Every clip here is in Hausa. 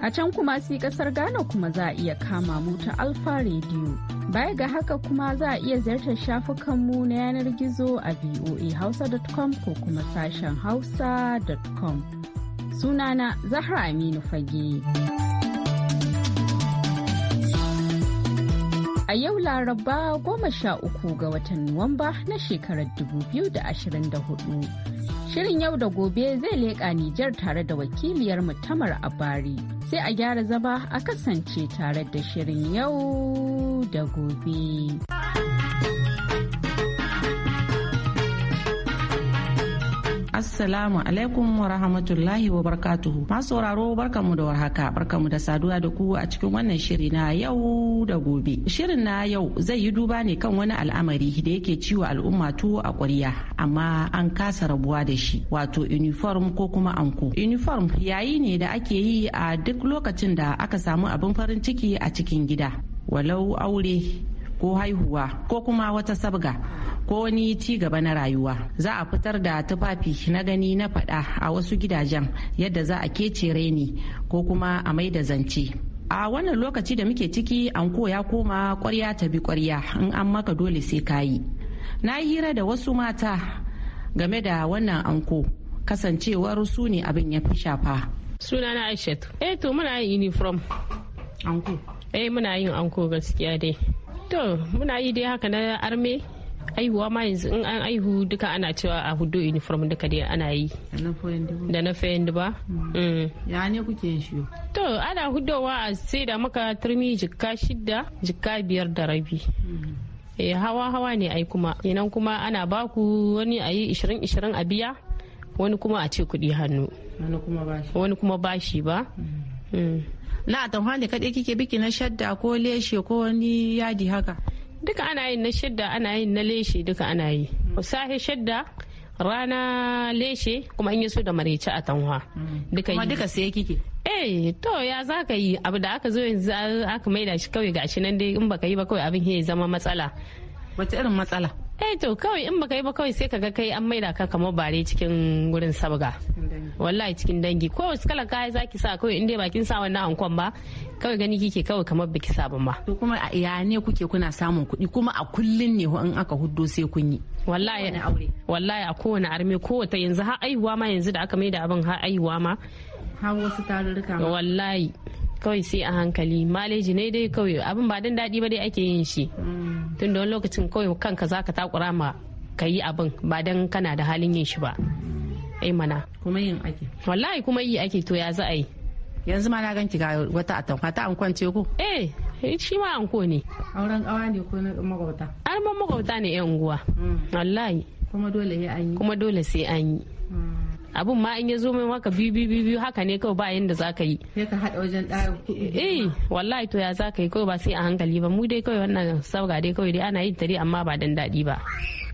A can kuma si kasar Ghana kuma za a iya kama mu ta Alfa Radio. Baya ga haka kuma za a iya ziyartar shafukanmu na yanar gizo a voahausa.com ko kuma sashen hausa.com. Sunana Zahra Aminu Fage. A yau Laraba goma sha uku ga watan Nuwamba na shekarar 2024. Shirin yau da gobe zai leƙa Nijar tare da wakiliyar mutamar bari Sai a gyara zaba a kasance tare da shirin yau da gobe. Assalamu alaikum wa rahmatullahi wa barakatuhu. Masu sauraro barkanmu da warhaka, barkanmu da saduwa da ku a cikin wannan shiri na yau da gobe. Shirin na yau zai yi duba ne kan wani al'amari da yake ciwo al'umma tuwo a ƙwarya, amma an kasa rabuwa da shi, wato uniform ko kuma anko. Uniform yayi ne da ake yi a duk lokacin da aka samu abin farin ciki a cikin gida, walau aure ko haihuwa ko kuma wata sabga. ko wani ci gaba na rayuwa za a fitar da tufafi na gani na faɗa a wasu gidajen yadda za a kece reni ko kuma a mai da zance a wannan lokaci da muke ciki an ya koma kwarya ta bi kwarya in an maka dole sai kayi na yi hira da wasu mata game da wannan anko kasancewar su ne abin ya fi shafa suna na aishatu eh to muna yin uniform anko eh muna yin anko gaskiya dai to muna yi dai haka na arme aihuwa ma yanzu in an aihu duka ana cewa a hudu uniform duka dai ana yi da na fayin ba mm. Mm. ya ne kuke yin shi to ana hudowa a sai da maka turmi jikka shidda jikka biyar da rabi mm. eh hawa hawa ne ai kuma inan kuma ana baku wani ayi 20 20 a biya wani kuma a ce kuɗi hannu wani kuma bashi ba na a tamfani kaɗai kike biki na shadda ko leshe ko wani yadi haka duka ana yin na shidda ana yin na leshe duka ana yi mm. sahi shidda rana leshe kuma in so da marece a tanwa mm. duka yi duka sai kike eh to ya za ka yi abu da aka zo yanzu aka maida shi kawai gashi nan dai in baka yi ba kawai abin ya zama matsala wata irin matsala eh to kawai in baka yi ba kawai sai kaga kai an maida ka kamar bare cikin gurin sabga wallahi cikin dangi ko wasu kala kai zaki sa kawai in dai bakin sa wannan ankon ba kawai gani kike kawai kamar biki sabon ba to kuma ya ne kuke kuna samun kuɗi kuma a kullun ne in aka huddo sai kun yi wallahi na aure wallahi a kowane arme wata yanzu har aihuwa ma yanzu da aka maida abin har aihuwa ma har wasu tarurruka wallahi kawai sai a hankali maleji ne dai kawai abin ba dan daɗi ba dai ake yin shi mm. da wani lokacin kawai kanka za ka takura ma ka yi abin ba dan kana da halin yin shi ba ai mana kuma yin ake wallahi kuma yi ake to ya za a yi yanzu ma na ganki ga wata tauka ta an kwance ko eh, eh shi ma anko ne auren kawa ne ko na magauta an magauta ne yan guwa mm. wallahi kuma dole an yi kuma dole sai an yi abun ma in ya zo min haka biyu biyu biyu haka ne kawai ba yanda za ka yi ka haɗa wajen ɗaya eh wallahi to ya za ka yi kawai ba sai a hankali ba mu dai kawai wannan sauga dai kawai dai ana yin tare amma ba dan daɗi ba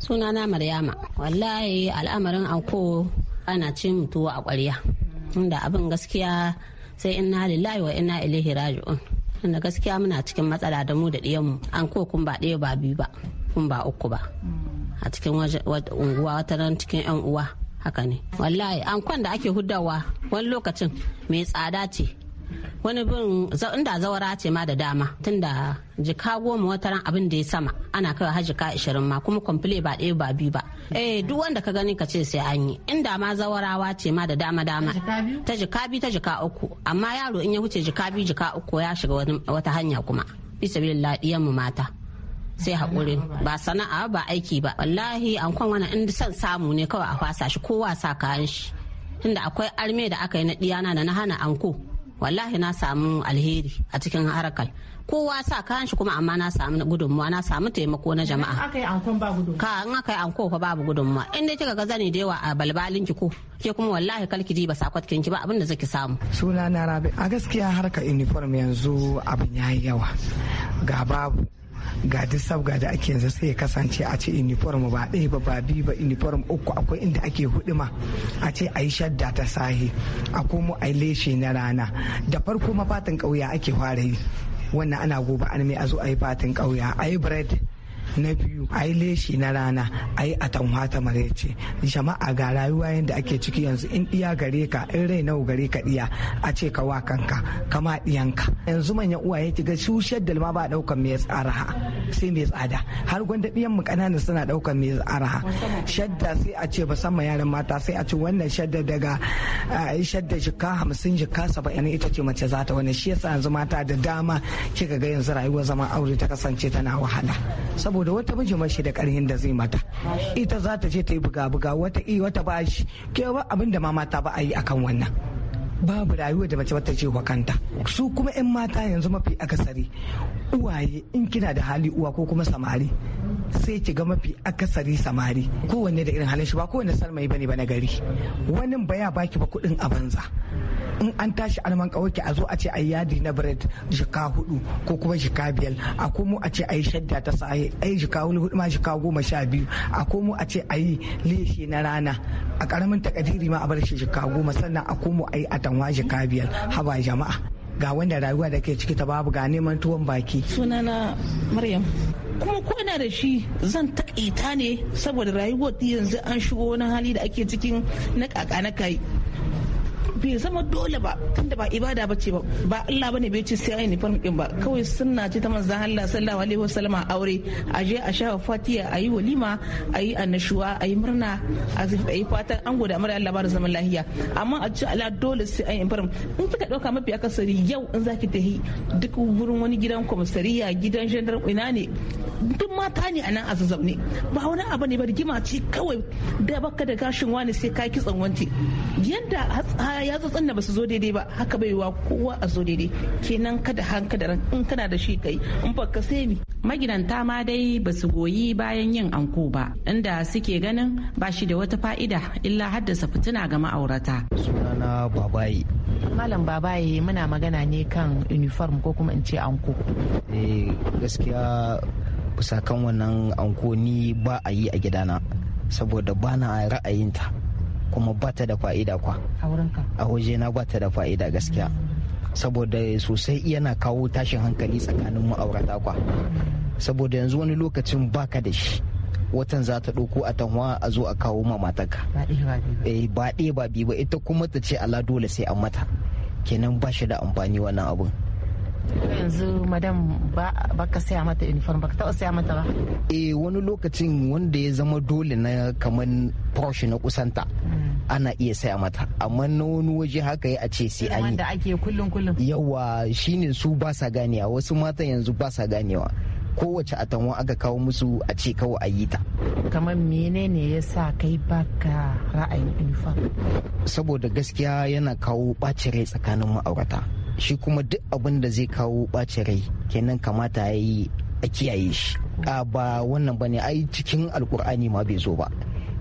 sunana maryama wallahi al'amarin anko ana ce mutuwa a ƙwarya inda abin gaskiya sai inna lillahi wa inna ilaihi raji'un inda gaskiya muna cikin matsala da mu da ɗiyanmu an ko kun ba ɗaya ba biyu ba kun ba uku ba a cikin unguwa wata ran cikin 'yan uwa haka ne wallahi ankon da ake hudawa wani lokacin mai tsada ce wani bin inda zawara ce ma da dama tunda jika goma wata ran abin da ya sama ana kai har ka ashirin ma kuma kwamfule ba ɗaya ba biyu ba eh duk wanda ka gani ka ce sai an yi inda ma zawarawa ce ma da dama dama ta jika biyu ta jika uku amma yaro in ya wuce jika biyu jika uku ya shiga wata hanya kuma bisa billahi mu mata sai haƙuri ba sana'a ba aiki ba wallahi an kwan wani inda son samu ne kawai a fasa shi kowa sa kayan shi tunda akwai arme da aka yi na diyana da na hana anko wallahi na samu alheri a cikin harakar kowa sa kayan shi kuma amma na samu gudunmuwa na samu taimako na jama'a ka an aka yi anko fa babu gudunmuwa inda kika ga zani da yawa a balbalin ki ko ke kuma wallahi kalki ji ba sakwatkin ki ba abin da zaki samu sunana rabi a gaskiya harka uniform yanzu abin yayi yawa ga babu ga duk sabga da ake yanzu sai ya kasance a ce uniform ba ɗaya ba ba biyu ba uniform uku akwai inda ake huduma a ce a yi shadda ta sahi a komo a yi leshe na rana da farko mafatin ƙauya ake fara yi wannan ana gobe an mai a zo a yi fatin ƙauya a yi bread na biyu a yi leshi na rana a yi atamwa ta marece jama'a ga rayuwa yadda ake ciki yanzu in iya gare ka in rai nawa gare ka iya a ce ka wa kanka kama diyanka yanzu manyan uwa ya kiga su shadda ma ba daukan mai tsaraha sai mai tsada har gwanda biyan mu kananan suna daukan mai tsaraha shadda sai a ce ba musamman yaran mata sai a ce wannan shadda daga shadda jika hamsin jika saba'in ita ce mace za ta wani shi yasa yanzu mata da dama kika ga yanzu rayuwar zaman aure ta kasance tana wahala saboda wata miji mashi da karhin da zai mata ita za ta je ta yi buga buga wata i wata ba shi kewa abin da ma mata ba a yi akan wannan babu rayuwa da mace bata ce wa kanta su kuma yan mata yanzu mafi akasari uwaye in kina da hali uwa ko kuma samari sai ki ga mafi akasari samari kowanne da irin halin shi ba kowanne salmai bane ba na gari wani baya baki ba kudin a banza in an tashi alman kawaki a zo a ce ai yadi na bread jika hudu ko kuma jika biyar a komo a ce ai shadda ta saye ai jika wani hudu ma jika goma sha biyu a komo a ce ai leshe na rana a karamin takadiri ma a bar shi jika goma sannan a komo ai atanwa jika biyar haba jama'a ga wanda rayuwa da ke ciki ta babu ga neman tuwon baki sunana maryam kuma ko ina da shi zan takaita ne saboda rayuwar yanzu an shigo wani hali da ake cikin na kaka na kai bai zama dole ba tunda ba ibada bace ba ba Allah bane bai ce sai ni uniform ba kawai sunna ce ta manzon Allah sallallahu alaihi wasallama aure a je a sha fatiya a yi walima a yi annashuwa a yi murna a yi fatan an goda mara Allah ba da zaman lahiya amma a ci ala dole sai ayi uniform in kika dauka mafi akasari yau in zaki tafi duk wurin wani gidan komisariya gidan jandar ina ne duk mata ne a nan a ba wani abu ne ba rigima ce kawai da baka da gashin wani sai ka kitsan wanti yanda yatsotsin da ba su zo daidai ba haka bai wa kowa a zo daidai kenan kada hanka in kana da shi kai in ba ka sai ni magidanta ma dai ba su goyi bayan yin anko ba inda suke ganin ba shi da wata fa'ida illa haddasa fitina ga ma'aurata sunana babayi malam babaye muna magana ne kan uniform ko kuma in ce anko eh gaskiya kusa wannan anko ni ba a yi a gidana saboda ba na ra'ayinta kuma bata da fa'ida kwa a waje na bata da fa'ida gaskiya saboda sosai yana kawo tashin hankali tsakanin ma'aurata kwa saboda yanzu wani lokacin baka da shi watan za ta ɗauko a tanwa a zo a kawo ma matarka ba ɗaya ba biyu ba eh, ita kuma ta ce ala dole sai a mata kenan ba shi da amfani wannan abun yanzu madam ba ka saya mata uniform ba ka taɓa saya mata ba eh wani lokacin wanda ya zama dole na kamar porsche na kusanta hmm. ana iya saya mata amma na wani waje haka ya a ce sai an yi ake kullum kullum yawa shine su ba sa ganewa wasu mata yanzu ba sa ganewa kowace atanwa aka kawo musu a ce kawai a yi ta kamar menene ya sa kai baka ra'ayin uniform saboda gaskiya yana kawo bacin rai tsakanin ma'aurata shi kuma duk abin da zai kawo ɓacin rai kenan kamata ya yi a kiyaye shi a ba wannan bane ai cikin alkur'ani ma bai zo ba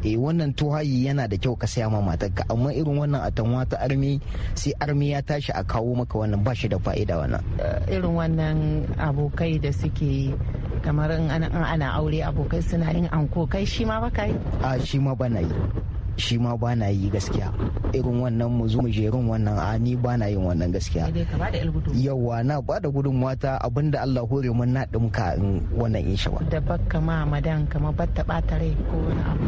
eh wannan tuhayi yana da kyau ka saya ma matarka amma irin wannan a tanwa ta armi sai armi ya tashi a kawo maka wannan ba shi da fa'ida wannan irin wannan abokai da suke kamar in ana aure abokai suna yin anko kai shi ma baka yi a shi ma bana yi shi ma ba na yi gaskiya irin wannan mu zo jerin wannan a ni ba na yin wannan gaskiya yawa na ba da gudun mata abinda Allah hore mun na ka in wannan in shawa da bakka ma madan kama ba ta bata rai ko wani abu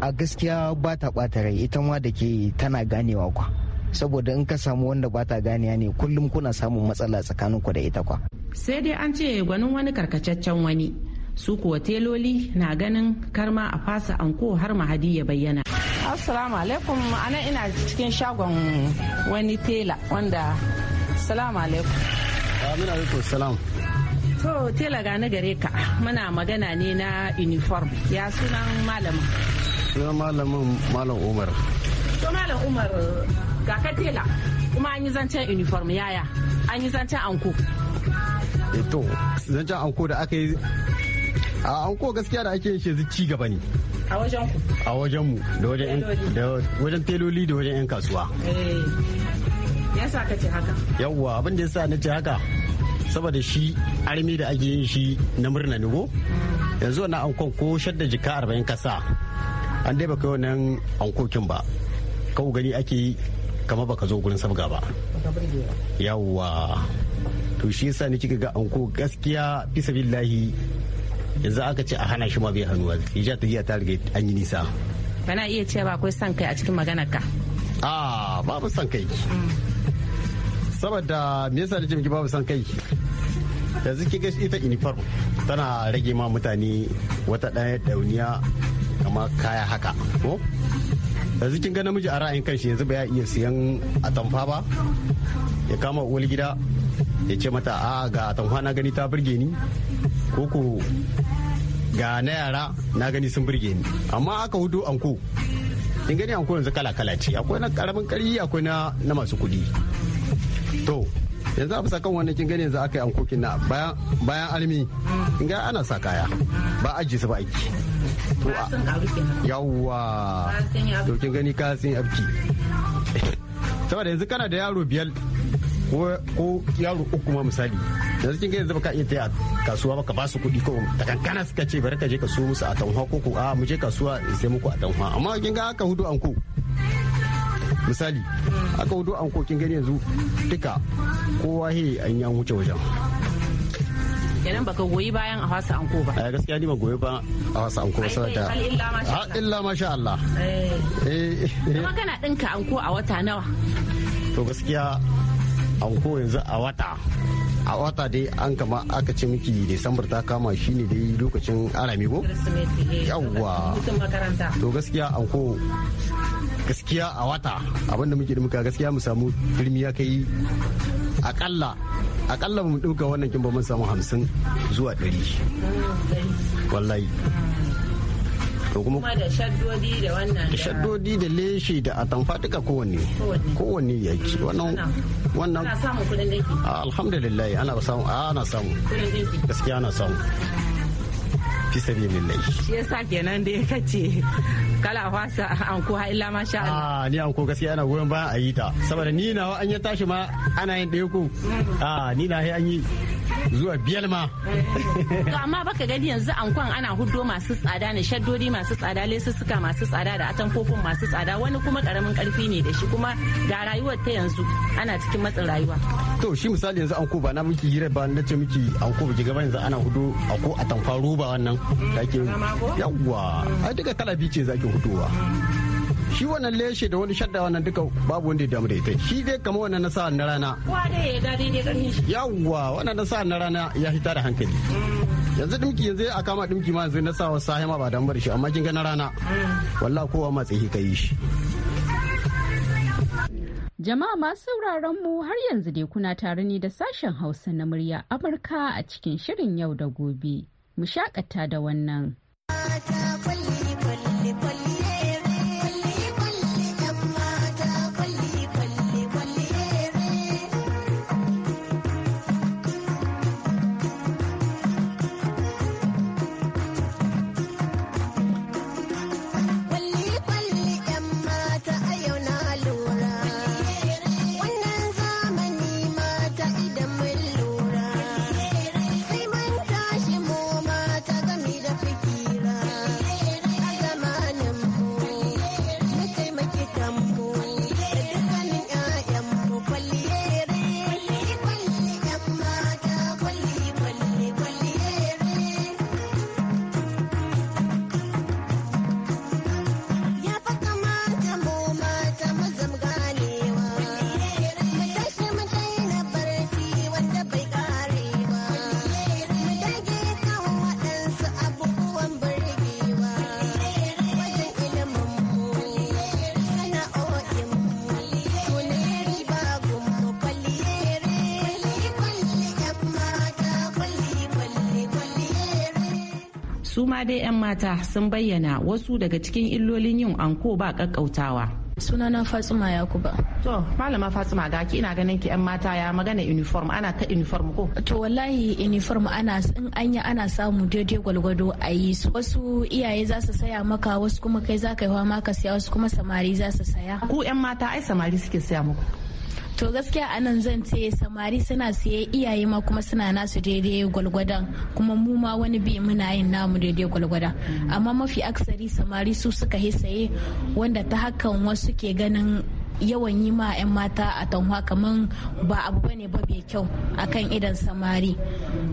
a gaskiya ba ta bata rai ita ma da ke tana ganewa kwa saboda in ka samu wanda ba ta ganiya ne kullum kuna samun matsala tsakaninku da ita kwa sai dai an ce gwanin wani karkataccen wani su kuwa teloli na ganin karma a fasa anko har mahadi ya bayyana assalamu alaikum ana ina cikin shagon wani tela wanda assalamu alaikum amin alaikum salam to tela na gare ka muna magana ne na uniform ya sunan malamin sunan malamin malam umar to malam umar ga ka tela kuma an yi zancen uniform yaya an yi zancen anko eh, to zancen anko da aka yi a an ko gaskiya da ake shi ci gaba ne a wajen ku a wajen mu da wajen wajen teloli da wajen yan kasuwa eh, yasa ka ce haka yawwa abin da yasa na ce haka saboda shi armi da ake yin shi na murna ne yanzu wannan ankon ko shadda jika arba'in kasa an dai baka wannan ankokin ba kawo gani ake yi kama baka zo gurin sabga ba yawwa to shi yasa ni kika ga anko gaskiya bisa billahi yanzu aka ce a hana shi ma bai wani ya ta iya tarige an yi nisa bana iya ce ba akwai son kai a cikin maganar ka a babu son kai saboda me yasa da jimki babu son kai yanzu ki ga ita uniform tana rage ma mutane wata ɗaya dauniya kama kaya haka ko yanzu kin ga namiji a ra'ayin kanshi yanzu ba ya iya siyan atamfa ba ya kama uwar gida ya ce mata a ga atamfa na gani ta burge ni koko ga na yara na gani sun burge ni amma aka hudu anko in gani anko yanzu kala kala ce akwai na karamin kari akwai na na masu kudi to yanzu a bisa kan wannan kin gani yanzu aka yi ankokin na bayan bayan almi in ga ana sa kaya ba aji su ba aiki to yawwa to kin gani ka sun abki saboda yanzu kana da yaro biyar ko yaro uku ma misali yanzu kin ga zama ka iya taya kasuwa ka ba su kuɗi ko ta kankana suka ce bari ka je ka musu a tanha ko ko a mu je kasuwa sai muku a tanha amma kin ga aka hudu anko misali aka hudu anko kin gani yanzu duka kowa he an ya wuce wajen kenan baka goyi bayan a hasa anko ba. Eh gaskiya ni ba goyi ba a hasa anko ba saboda har illa masha Allah. Eh. Kuma eh. kana dinka anko a wata nawa? To gaskiya anko yanzu a wata a wata dai an kama aka ce miki desambar ta kama shi ne dai lokacin arami ko eh. yawwa to gaskiya anko gaskiya a wata abinda muke muka gaskiya mu samu turmi ya kai akalla akalla mu dimka wannan kin ba mun samu hamsin zuwa ɗari mm, wallahi to kuma da shaddodi da wannan da shaddodi da leshi da atamfa duka kowanne kowanne ya ci wannan wannan ah, ah, ana samu kudin dinki alhamdulillah ana samu ana samu gaskiya ana samu fi sabilillah shi yasa kenan da ya kace kala fasa anko ha illa ma Allah ah ni anko gaskiya ana goyon bayan a yi ta saboda ni nawa an ya tashi ma ana yin ɗaya ko. Mm. Ah, ni na an yi zuwa biyar ma to amma baka gani yanzu ankon ana hudo masu tsada ne shaddodi masu tsada lesussuka masu tsada da atankofin masu tsada wani kuma karamin karfi ne da shi kuma ga rayuwar ta yanzu ana cikin matsin rayuwa to shi misali yanzu anko ba na miki hira ba na ce miki anko ba gaba yanzu ana hudo a atamfa roba wannan yawwa ai duka kala biyu zaki hudowa shi wannan leshe da wani shadda wannan duka babu wanda ya damu da ita shi dai kamar wannan na sa'an na rana yawwa wannan na sa'an na rana ya fita da hankali yanzu dimki yanzu a kama dimki ma yanzu na sawa sahi ma ba damu da shi amma kin ga na rana wallahi kowa ma tsihi kai shi Jama'a masu sauraron mu har yanzu dai kuna tare ni da sashen Hausa na murya Amurka a cikin shirin yau da gobe. Mu shakata da wannan. su ma dai 'yan mata sun bayyana wasu daga cikin illolin yin anko ba kakkautawa sunana fatima yakuba to malama fatima ga ki ina ganin ki yan mata ya magana uniform ana ta uniform ko to wallahi uniform ana in anya ana samu daidai gwalgwado a yi su wasu iyaye za su saya maka wasu kuma kai za ka yi ma ka saya wasu kuma samari za su saya ku yan mata ai samari suke saya muku to gaskiya anan zan ce samari suna siye iyaye ma kuma suna nasu daidai gwalgwada kuma mu ma wani bi muna yin namu daidai gwalgwadon amma mafi aksari samari su suka hi wanda ta hakan wasu ke ganin yawan yi ma 'yan mata a tanwa kamar ba abu ne ba bai kyau kan idan samari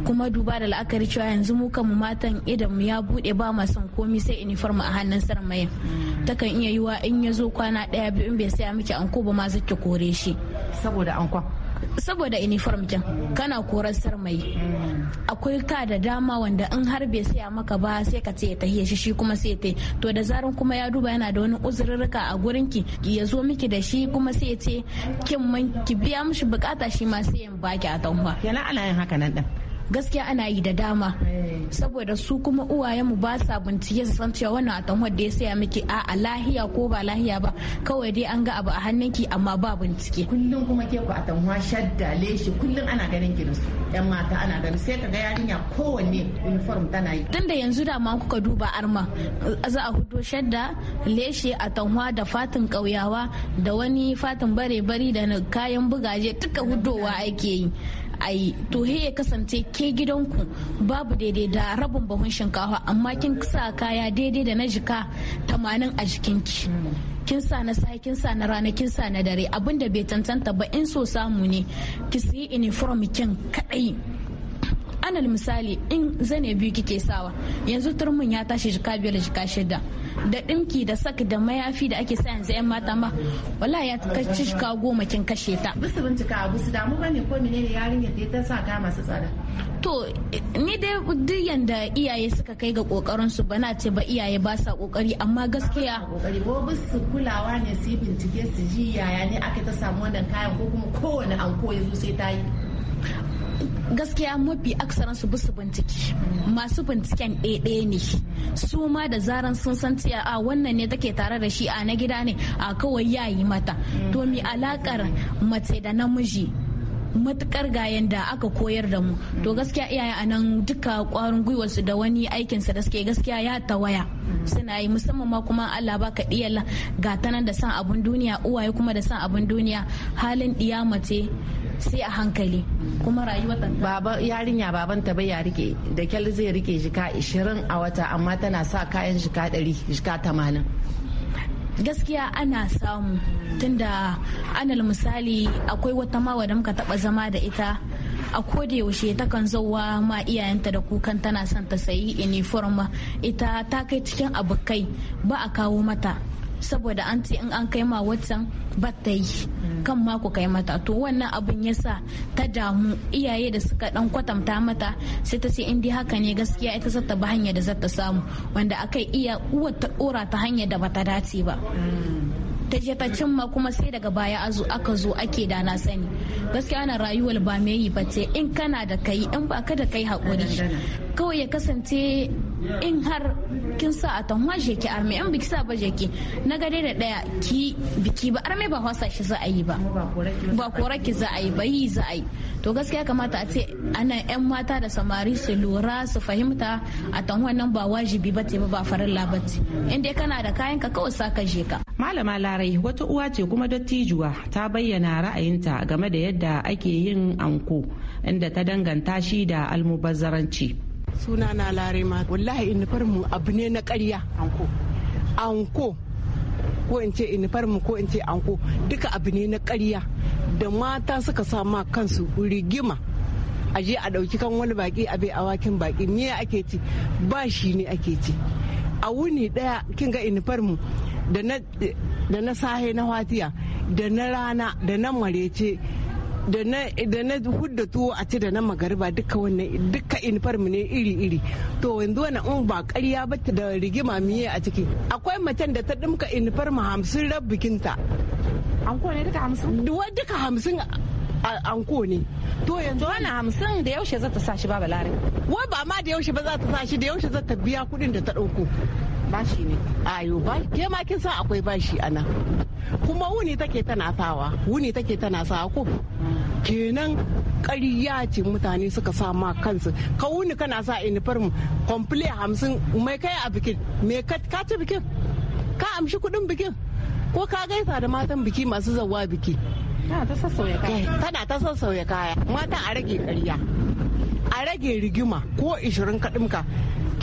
kuma duba da la'akari cewa yanzu mu kan matan idan mu ya bude ba ma son komi sai uniform a hannun ta takan iya yiwa in ya zo kwana daya biyu in bai saya miki anko ba ma zaki kore shi saboda ankon saboda uniform jan kana koran sarmai akwai ka da dama wanda in har bai saya maka ba sai ka ce ta tahiya shi kuma sai ta to da zaran kuma ya duba yana da wani uzurrika a gurin ki ya zo miki da shi kuma sai ya ce kin man ki biya mishi bukata shi ma sai ya baki a tanwa yana ana yin haka nan din gaskiya ana yi da dama saboda su kuma mu ba sa bincike su san cewa wannan atamwar da ya saya miki a lahiya ko ba lahiya ba kawai dai an ga abu a hannunki amma ba bincike kullum kuma ke ku atamwa shadda leshi kullum ana ganin ki da su yan mata ana ganin sai ka ga yarinya kowanne uniform tana yi tunda yanzu da ma kuka duba arma za a hudo shadda leshi atamwa da fatin kauyawa da wani fatin bare bari da kayan bugaje duka hudowa ake yi a yi to he ya kasance ke gidanku babu daidai da rabin bahun shinkafa amma kin sa kaya daidai da na jika tamanin a jikinki kin sa na sai kin sa na rana kin sa na dare abinda bai tantanta ba in so samu ne ki siyi uniform kin kadai anal misali in zane biyu kike sawa yanzu turmin ya tashi jika biyar jika shida da dinki da sak da mayafi da ake sa yanzu yan mata ma wala ya kaci jika goma kin kashe ta bisu bincika abu su damu bane ko menene yarinya da ta sa ta masu tsada to ni dai duk yanda iyaye suka kai ga kokarin su bana ce ba iyaye ba sa kokari amma gaskiya kokari ko bisu kulawa ne su bincike su ji yaya ne aka ta samu wannan kayan ko kuma kowane anko yanzu sai ta yi gaskiya mafi aksaran su bisu bincike masu binciken ɗaya ne su ma da zaran sun san a ah, wannan ne take tare da shi a na gida ne a kawai yayi mata to mi alakar mace da namiji matukar ga da aka koyar da mu to gaskiya iyaye a nan duka kwarin gwiwarsu da wani aikinsa da suke gaskiya ya tawaya suna yi musamman ma kuma Allah baka iya ga tanan da san abun duniya uwaye kuma da san abun duniya halin ɗiya mace sai a hankali kuma baba yarinya baban ta bai ya rike da kyal zai rike jika 20 a wata amma tana sa kayan jika 100 jika 80 gaskiya ana samu tunda anal misali akwai wata mawa da muka taba zama da ita a koda yaushe ta kan zauwa ma iyayenta da kukan tana son ta sayi uniform ita ta kai cikin abu kai ba a kawo mata saboda an ce in an kai ma watan bata yi kan mako kai mata to wannan abun ya sa ta damu iyaye da suka dan kwatanta mata sai ta ce in dai haka ne gaskiya ita za ta ba hanya da za ta samu wanda akai iya uwar ta dora ta hanya da bata dace ba ta je ta cimma kuma sai daga baya azu aka zo ake da na sani gaskiya ana rayuwar ba me yi bace in kana da kai in ba ka da kai hakuri kawai ya kasance in har kin sa a tamwa jeki arme in biki sa ba jeki na gare da daya ki biki ba arme ba wasa shi za a yi ba ba kora ki za a yi ba yi za a yi to gaskiya kamata a ce ana yan mata da samari su lura su fahimta a tamwa nan ba wajibi bace ba ba farilla bace in dai kana da kayan ka kawai sa ka je ka malama larai larai wata uwa ce kuma dattijuwa ta bayyana ra'ayinta game da yadda ake yin anko inda ta danganta shi da almubazzaranci suna na larima ma wallahi inifarmu abu ne na karya anko anko ko in ce inifarmu ko in ce anko duka abu ne na karya da mata suka sama kansu rigima a je a ɗauki kan wani baki a bai awakin baki ne ake ci ba shi ne ake ci a wuni ɗaya kin ga inifarmu da na sahe na fatiya da na rana da na marece da na hudda tuwo a ci da na magariba duka wannan duka infarmu ne iri-iri to yanzu wani in ba karya ba ta da rigima miye a ciki akwai macen da ta dimka infarmu hamsin rab bikinta anko ne duka hamsin duka hamsin anko ne to yanzu wani hamsin da yaushe za ta sa shi ba balare wai ba ma da yaushe ba za ta sa shi da yaushe za ta biya kuɗin da ta ɗauko bashi ne ayo ba ke ma kin san akwai bashi ana kuma wuni take tana sawa wuni take tana sawa ko kenan ƙarya ce mutane suka sa ma kansu ka wuni kana sa uniform komple hamsin mai kai a bikin mai ka ci bikin ka amshi kudin bikin ko ka gaisa da matan biki masu zawa biki eh, tana ta sassauya kaya mata a rage ƙarya a rage rigima ko ishirin kadimka.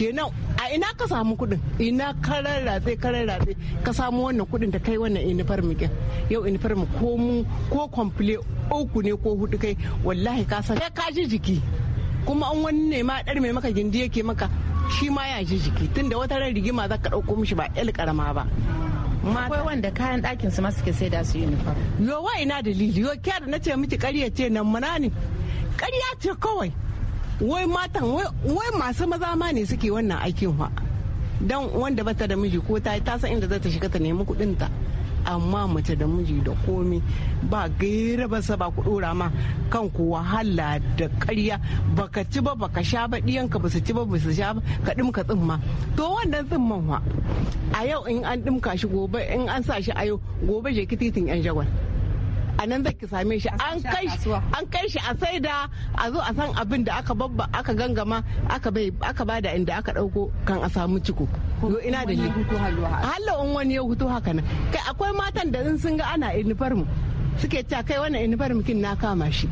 kenan a ina ka samu kuɗin ina karar ratse karar ratse ka samu wannan kuɗin da kai wannan uniform ɗin yau mu ko mu ko komple uku ne ko hudu kai wallahi ka san ka ji jiki kuma an wani ne ma ɗar mai maka gindi yake maka shi ma ya ji jiki tunda wata ran rigima za ka ɗauko mishi ba el karama ba akwai wanda kayan ɗakin su masu ke sai da su uniform. Yo wa ina dalili yo kyar na ce miki ƙarya ce nan muna ne. Ƙarya ce kawai wai matan wai masu maza ma ne suke wannan aikin fa don wanda bata da miji ko ta ta san inda za ta shiga ta nemi kuɗinta ta amma mace da miji da komi ba gaira ba sa ba ku dora ma kanku wahala da karya baka ci ba baka sha ba diyan ba su ci ba sha ba ka dimka tsimma to wannan tsimman wa a yau in an dimka shi gobe in an sa shi a yau gobe je kititin yan jagwal a nan ki same shi an kai shi a saida a zo a san abin da aka babba aka gangama aka bai aka bada inda aka dauko kan a samu ciko yo ina da hallo in wani ya hutu haka nan kai akwai matan da in sun ga ana uniform suke ta kai wannan uniform kin na kama shi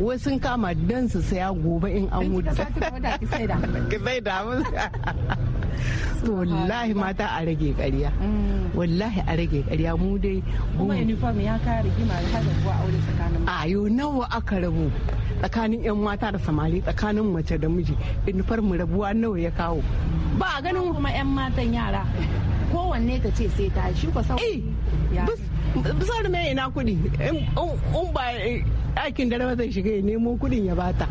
wai sun kama don su saya gobe in an mutu Ki sai da. to wallahi mata a rage ƙarya mm. wallahi a rage ƙarya mu dai kuma uniform ya kare gima da a aure tsakanin a yau nawa aka rabu tsakanin yan mata da samari tsakanin mace da miji uniform rabuwa nawa ya kawo ba a ganin kuma yan matan yara kowanne ka ce sai ta shi ko sau eh, bisar mai ina kuɗi in ba eh, aikin dare zai shiga ya nemo kudin ya bata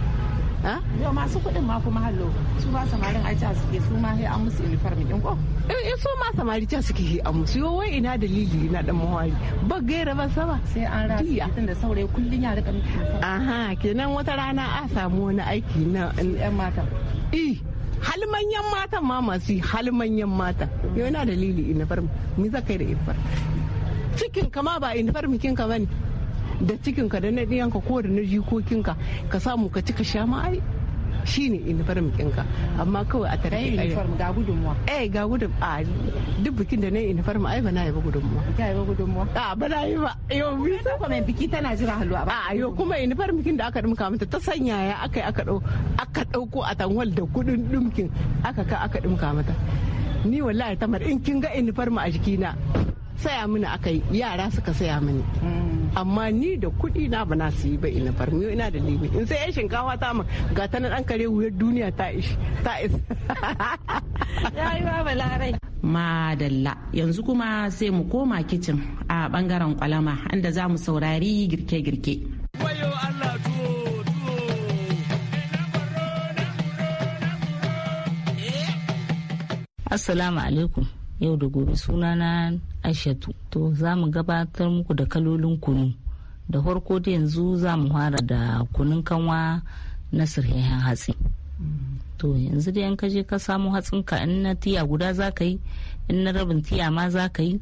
yau masu kuɗin ma kuma hallo su ma samarin ai suke su ma sai an musu uniform din ko eh, eh su ma samari ta suke yi a musu yo wai ina dalili na dan mawari ba gaira ba sama sai an rasa tun da saurayi kullun ya rika miki aha kenan wata rana a samu wani aiki na yan mata eh halmanyan matan ma masu halmanyan mata yau na dalili uniform mi zakai da uniform cikin kama ba uniform kin bane da cikinka da na ɗiyanka ko da na jikokinka ka samu ka ci ka sha ma ai shine uniform ɗinka amma kawai a tare da uniform ga gudunmuwa eh ga gudun a duk bikin da na yi uniform ai ba na yi ba gudunmuwa ka yi ba gudunmuwa a ba na yi ba yau bisa. ko mai biki tana jira halwa ba a yau kuma uniform bikin da aka dumka mata ta sanya ya aka aka dau aka dauko a tanwal da kudin dumkin aka ka aka dumka mata ni wallahi tamar in kin ga uniform a jikina saya mini yi yara suka saya mini mm. amma ni da kuɗi na bana na su yi ba ina farmiyo ina da libi in sai yan shinkafa ta ma ga ta nan kare wuyar duniya ta ishi ta is madalla yanzu kuma sai mu koma kicin a bangaren kwalama inda za mu saurari girke-girke Assalamu alaikum yau da gobe sunana Aishatu to za mu gabatar muku da kalolin kunu da farko da yanzu za mu fara da kunun kanwa na sirhehen hatsi to yanzu da yan kaje ka samu hatsinka in na tiya guda za ka yi in na rabin tiya ma za ka yi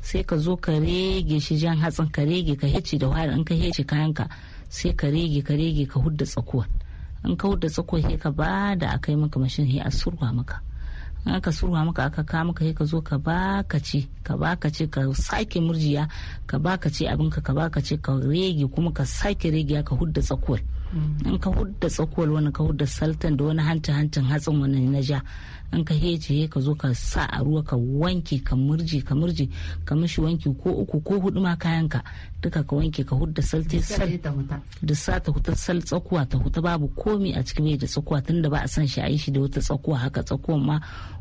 sai ka zo ka rege shi jan hatsin ka rege ka hece da wahala in ka kayan kayanka sai ka rege ka rege ka hudda tsakuwa in ka hudda tsakuwa sai ka ba da akai maka mashin sai a surwa maka in aka surwa maka aka ka maka ka zo ka baka ce ka baka ce ka sake murjiya ka baka ce abinka ka baka ce ka rege kuma ka sake rege ka hudda tsakuwar in ka hudda tsakuwar wani ka hudda saltan da wani hanta hantan hatsin wani na ja in ka hece ka zo ka sa a ruwa ka wanke ka murji ka murji ka mishi wanki ko uku ko hudu ma kayanka duka ka wanke ka hudda saltai sal da sa ta huta sal tsakuwa ta huta babu komi a cikin bai da tsakuwa tunda ba a san shi a yi shi da wata tsakuwa haka tsakuwan ma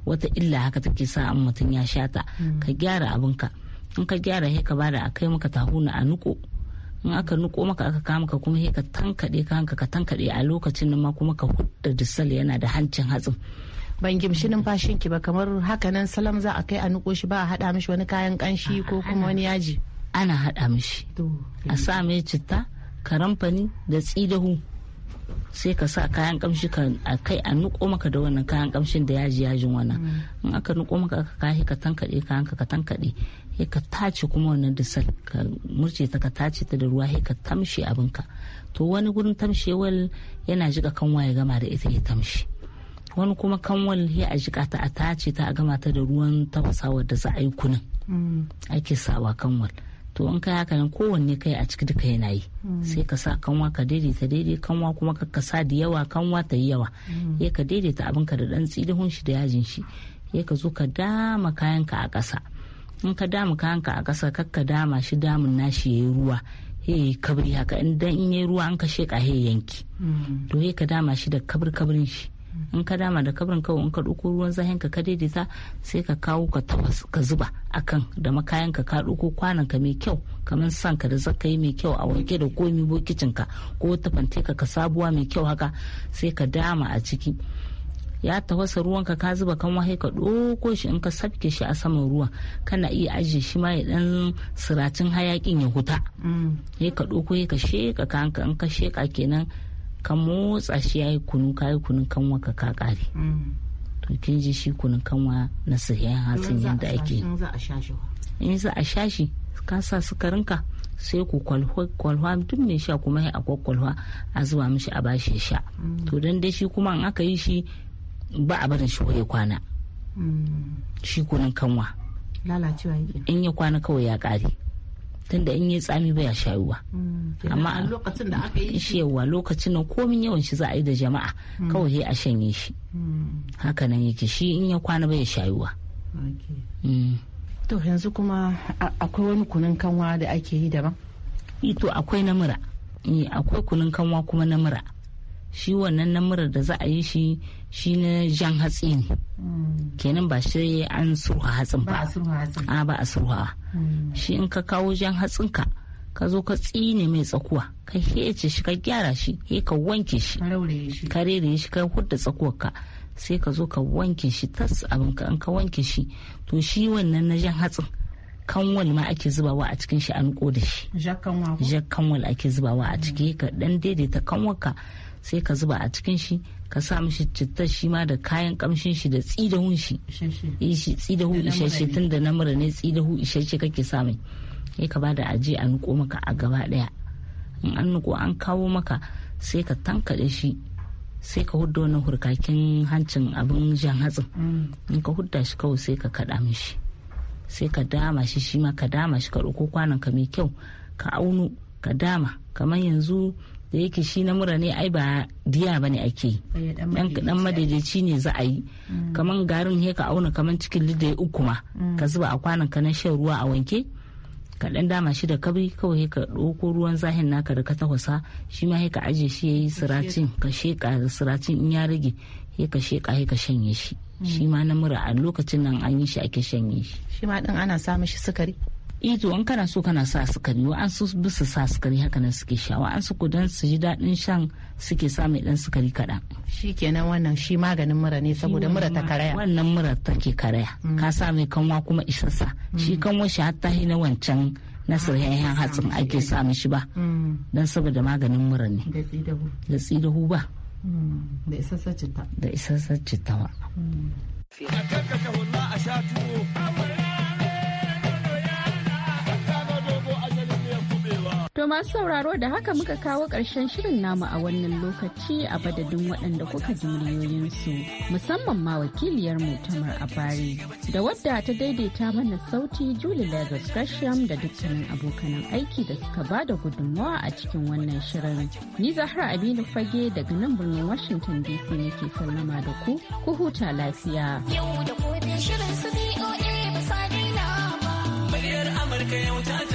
wata illa haka take sa an mutum ya sha ta mm. ka gyara abinka in ka gyara he ka bada a kai maka tahuna a nuko in aka nuko maka aka kama ka kuma ka tankade ka hanka ka tankade a lokacin nan ma kuma ka hudda disal yana da hancin hatsin ban gimshi numfashin ki ba kamar haka nan salam za a kai a nuko shi ba a hada mishi wani kayan kanshi ko kuma wani yaji ana hada mishi a sa mai citta karamfani da tsidahu sai ka sa kayan kamshi ka kai a nuko maka da wannan kayan kamshin da yaji yajin wannan mm. in aka nuko maka aka ka tankade ka ka ka tankade sai ka tace kuma wannan disal ka murce ta ka tace ta da ruwa sai ka tamshe abinka to wani gurin tamshewal yana jika kanwa ya gama da ita ya tamshe wani kuma kanwal ya a jika ta a tace ta a gama ta da ruwan tafasawa da za a yi kunin mm. ake sawa kanwal to in kai haka nan kowanne kai a ciki duka yana yi mm. sai ka sa kanwa ka daidaita daidai kanwa kuma ka sa da yawa kanwa ta yi yawa ya mm. ka daidaita abinka da dan tsilihun shi da yajin shi ya ka zo ka dama kayanka a ƙasa in ka damu kayanka a ƙasa kakka dama shi damun nashi yi ruwa yi kabri haka in dan in yayi ruwa an ka sheka he yanki mm. to ka dama shi da kabir kabrin shi mm. in ka dama da kabrin kawai in ka ɗauko ruwan zahen ka daidaita sai ka kawo ka tabas ka zuba akan da makayan ka ka ɗauko kwanan ka mai kyau kamar san ka da zaka yi mai kyau a wanke da komi bokicin ka ko wata ka ka sabuwa mai kyau haka sai ka dama a ciki ya tafasa ruwanka ka zuba kan wahai ka ɗoko shi in ka sabke shi a saman ruwa kana iya ajiye shi ma ya ɗan siracin hayakin ya huta ya mm. ka ɗoko ya ka sheka kanka in ka sheka kenan ka motsa shi ya yi kunu ka yi kunun kanwa ka ka kare mm. to kin ji shi kunun kanwa na sahihan hatsin yadda ake in za a sha shi ka sa ka sai ku kwalwa duk mai sha kuma ya a kwalwa a zuwa mishi a bashi sha mm. to dan dai shi kuma in aka yi shi ba a barin shi ko ya kwana hmm. shi kunan kanwa lalacewa in ya kwana kawai ya kare tunda in yi tsami baya shayuwa hmm, amma lokacin da aka yi shi yawa lokacin na komin yawan shi za a yi da jama'a hmm. kawai a shanye shi haka nan yake shi in ya kwana baya shayuwa to yanzu kuma akwai wani kunun kanwa da ake yi daban ito akwai na mura eh, akwai kunun kanwa kuma na mura shi wannan na da za a yi shi shi na jan hatsi ne kenan ba shi an surha hatsin ba a ba a hmm. shi in ka kawo jan hatsinka ka zo ka tsine mai tsakuwa ka hece shi ka gyara shi he ka wanke shi ka rere shi ka hudda ka sai ka zo ka wanke shi tas abin ka an ka wanke shi to shi wannan na jan hatsin kanwal ma ake zubawa a cikin shi an ko da shi jakkanwal ake zubawa a ciki ka dan daidaita kanwarka sai ka zuba a cikin shi ka sa mishi cittar shi ma da kayan kamshin shi da tsidahun eh, shi tsidahu isasshe tun da namura ne tsidahu isasshe kake sa mai sai ka bada aje a nuko maka a gaba daya in an nuko an kawo maka sai ka tankaɗe shi sai ka hudda wani hurkakin hancin abin jan hatsin mm. in ka hudda shi kawai sai ka kaɗa mishi sai ka dama shi shi ma ka dama shi ka ɗauko kwanan ka mai kyau ka auno ka dama kamar yanzu da yake shi na mura ne ai ba diya ba ne ake dan madaidaici ne za a yi mm. kaman garin he ka auna kaman cikin lidda uku ma mm. ka zuba a kwanan ka na shan ruwa a wanke ka dan dama shi da kabri kawai ka ɗauko ruwan zahin naka da ka takwasa shi ma ka aje shi yayi siracin ka sheka siracin in ya rage he ka sheka he ka shanye shi mm. shi ma na mura a lokacin nan an yi shi ake shanye shi shi ma ɗin ana sa mishi sukari eh to an kana so kana sa sukari wa an su bisa sa sukari haka nan suke sha wa an su ku dan su ji daɗin shan suke sa mai dan sukari kaɗan. shikenan wannan shi maganin mura ne saboda mura ta karaya wannan mura take karaya mm. ka sa mai kanwa kuma sa. shi mm. kanwa shi hatta na wancan na sirhahen ah, hatsin ake sa mishi ba mm. don saboda maganin mura ne da tsidahu ba da isassar citta da isassar citta ba a sha tuwo masu sauraro da haka muka kawo ƙarshen shirin namu a wannan lokaci a badadin waɗanda kuka ji muryoyinsu musamman ma wakiliyar mu Tamar Abari da wadda ta daidaita mana sauti Julie Lagos Gresham da dukkanin abokanan aiki da suka ba da gudunmawa a cikin wannan shirin. Ni Zahra Aminu Fage daga nan birnin Washington DC nake sallama da ku, ku huta lafiya. Yau da shirin su ba. Amurka yau ta